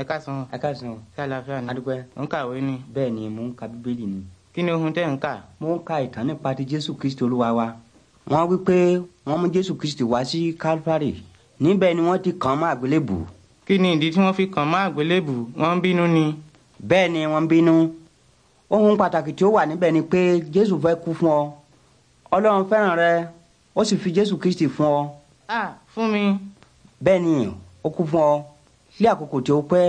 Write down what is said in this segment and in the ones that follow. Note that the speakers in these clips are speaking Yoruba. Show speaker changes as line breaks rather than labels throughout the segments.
ẹ káàsán ẹ káàsán ṣé àlàáfíà ni. adúpẹ́ ń kàwé ni. bẹ́ẹ̀ ni mò ń ka bíbélì ni. kí ni ohun tẹ́ ń kà. mò ń ka ìtàn nípa ti jésù kristi olúwa wa. wọ́n wí pé wọ́n mú jésù kristi wá sí calvary níbẹ̀ ni wọ́n ti kàn án mọ́ àgbélébù. kí ni ìdí tí wọ́n fi kàn án mọ́ àgbélébù wọ́n ń bínú ni. bẹ́ẹ̀ ni wọ́n ń bínú. ohun pàtàkì tí ó wà níbẹ̀ ni pé jésù fẹ́ kú fún ọ ọlọ́run fẹ́ràn rẹ ó sì fi jésù kristi fún ọ. ah fún mi. bẹ́ẹ̀ ni ó kú fún ọ lé àkókò tí ó pẹ́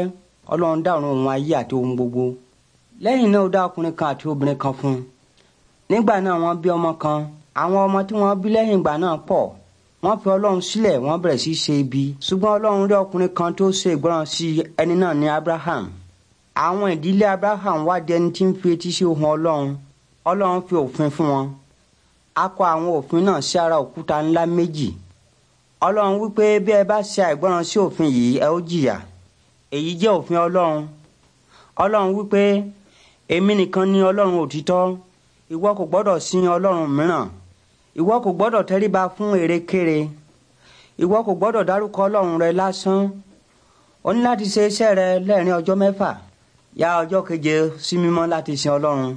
ọlọ́run dá ọ̀run òun ayé àti ohun gbogbo lẹ́yìn náà ó dá ọkùnrin kan àti obìnrin kan fún un nígbà náà wọ́n bí ọmọ kan àwọn ọmọ tí wọ́n bí lẹ́yìn ìgbà náà pọ̀ wọ́n fi ọlọ́run sílẹ̀ wọ́n bẹ̀rẹ̀ sí ṣe ibi ṣùgbọ́n ọlọ́run rí ọkùnrin kan tó ṣe ìgbọràn sí ẹni náà ní abraham àwọn ìdílé abraham wá di ẹni tí ń fi etí sí ohun ọlọ́run ọlọ́run fi òfin fún wọn a kọ àwọn òfin náà sí ara òkúta ńlá méjì ọlọ́run wípé bí ẹ bá ṣe àìgbọràn sí òfin yìí ẹ ó jìyà èyí jẹ́ òfin ọlọ́run ọlọ́run wípé èmi nìkan ni ọlọ́run òtítọ́ ìwọ kò gbọ́dọ̀ sin ọlọ́run mìíràn ìwọ kò gbọ́dọ̀ tẹríba fún erékéré ìwọ kò gbọ́dọ̀ dárúkọ ọlọ́run rẹ lásán o ní láti ṣe iṣẹ́ rẹ lẹ́ẹ̀rin ọjọ́ mẹ́fà ya ọjọ́ keje sí mímọ́ láti sin ọlọ́run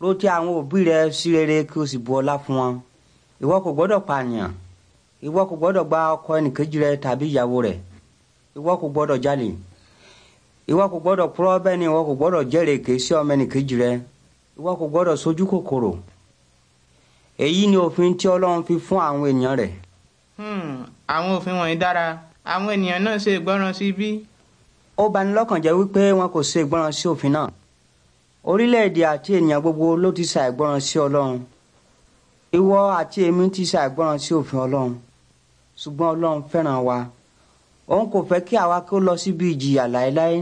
rò ti àwọn òbí rẹ sí rere kí o sì bu ọlá fún wọn ìwọ kò gbọ́dọ̀ pànìyàn ìwọ kò gbọ́dọ̀ gba ọkọ ẹnìkejì rẹ tàbí ìyàwó rẹ ìwọ kò gbọ́dọ̀ jalè ìwọ kò gbọ́dọ̀ purọ́ bẹ́ẹ̀ ni ìwọ kò gbọ́dọ̀ jẹ́rìí èké sí ọmọ ẹnìkejì rẹ ìwọ kò gbọ́dọ̀ sojú kòkòrò èyí ni òfin tí Ọlọ́run fi fún àwọn ènìyàn rẹ̀. Hmm, àwọn òfin wọ̀nyí dára àwọn ènìyàn náà ṣe ìgbọràn sí bí. ó bani lọ́kàn jẹ́ wípé wọn kò ṣe ìgbọràn sí òfin náà orílẹ̀-èdè àti ènìyàn gbogbo ló ti ṣàìgbọràn sí Ọlọ́run ìwọ àti èmi ti ṣàìgbọràn sí òfin Ọlọ́run ṣùgbọ́n ọlọ́run fẹ́ràn wa òun kò fẹ́ kí àwa kó lọ síbi ìjìyà láéláé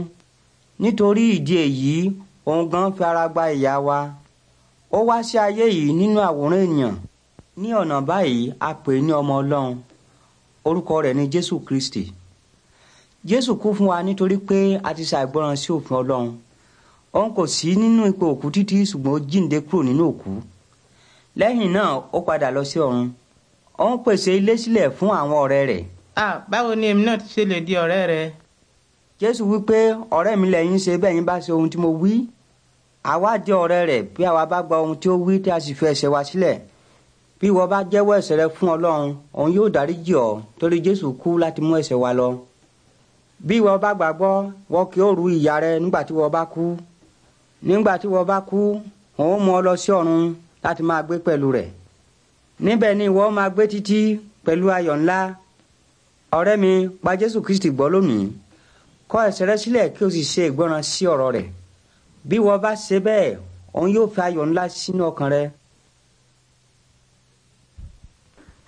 nítorí ìdí èyí òun gan fi ara gba ìyà wa ó wá sí ayé yìí nínú àwòrán ènìyàn ní ọ̀nà báyìí a pè ní ọmọ ọlọ́run orúkọ rẹ̀ ni jésù kristi jésù kú fún wa nítorí pé a ti ṣàìgbọràn sí òfin ọlọ́run òun kò sí nínú ipò òkú títí ṣùgbọ́n ó jíǹde kúrò nínú òkú lẹ́yìn náà ó padà lọ sí ọ̀run ó ń pèsè ilé sílẹ̀ fún àwọn ọ̀rẹ́ rẹ̀. à báwo ni èmi náà ti ṣe lè di ọ̀rẹ́ rẹ. jésù wípé ọ̀rẹ́ mi lẹ́yìn ṣe bẹ́ẹ̀ yín bá ṣe ohun tí mo wí. àwa jẹ́ ọ̀rẹ́ rẹ̀ bí àwa bá gba ohun tí ó wí tí a sì fi ẹ̀ṣẹ̀ wa sílẹ̀. bí ìwọ bá jẹ́wọ́ ẹ̀ṣẹ̀ rẹ fún ọlọ́run òun yóò dáríjì ọ́ torí jésù kú láti mú ẹ̀ṣẹ̀ wa lọ. bí ìwọ bá gbàgbọ́ wọ́n kì yóò rú ìyà rẹ nígbà tí wọ́n bá kú. nígbà tí wọ́n bá kú òun mú ọ lọ sí ọ̀run láti máa gbé pẹ̀lú rẹ̀ níbẹ̀ ni ìwọ máa gbé títí pẹ̀lú ayọ̀ ńlá ọ̀rẹ́ mi pa jésù kristi gbọ́ lónìí kọ̀ ẹ̀ṣẹ̀ rẹ sílẹ̀ kí o sì ṣe ìgbọràn sí ọ̀rọ̀ rẹ̀ bí wọ́n bá ṣe bẹ́ẹ̀ òun yóò fi ayọ̀ ńlá sínú ọkàn rẹ̀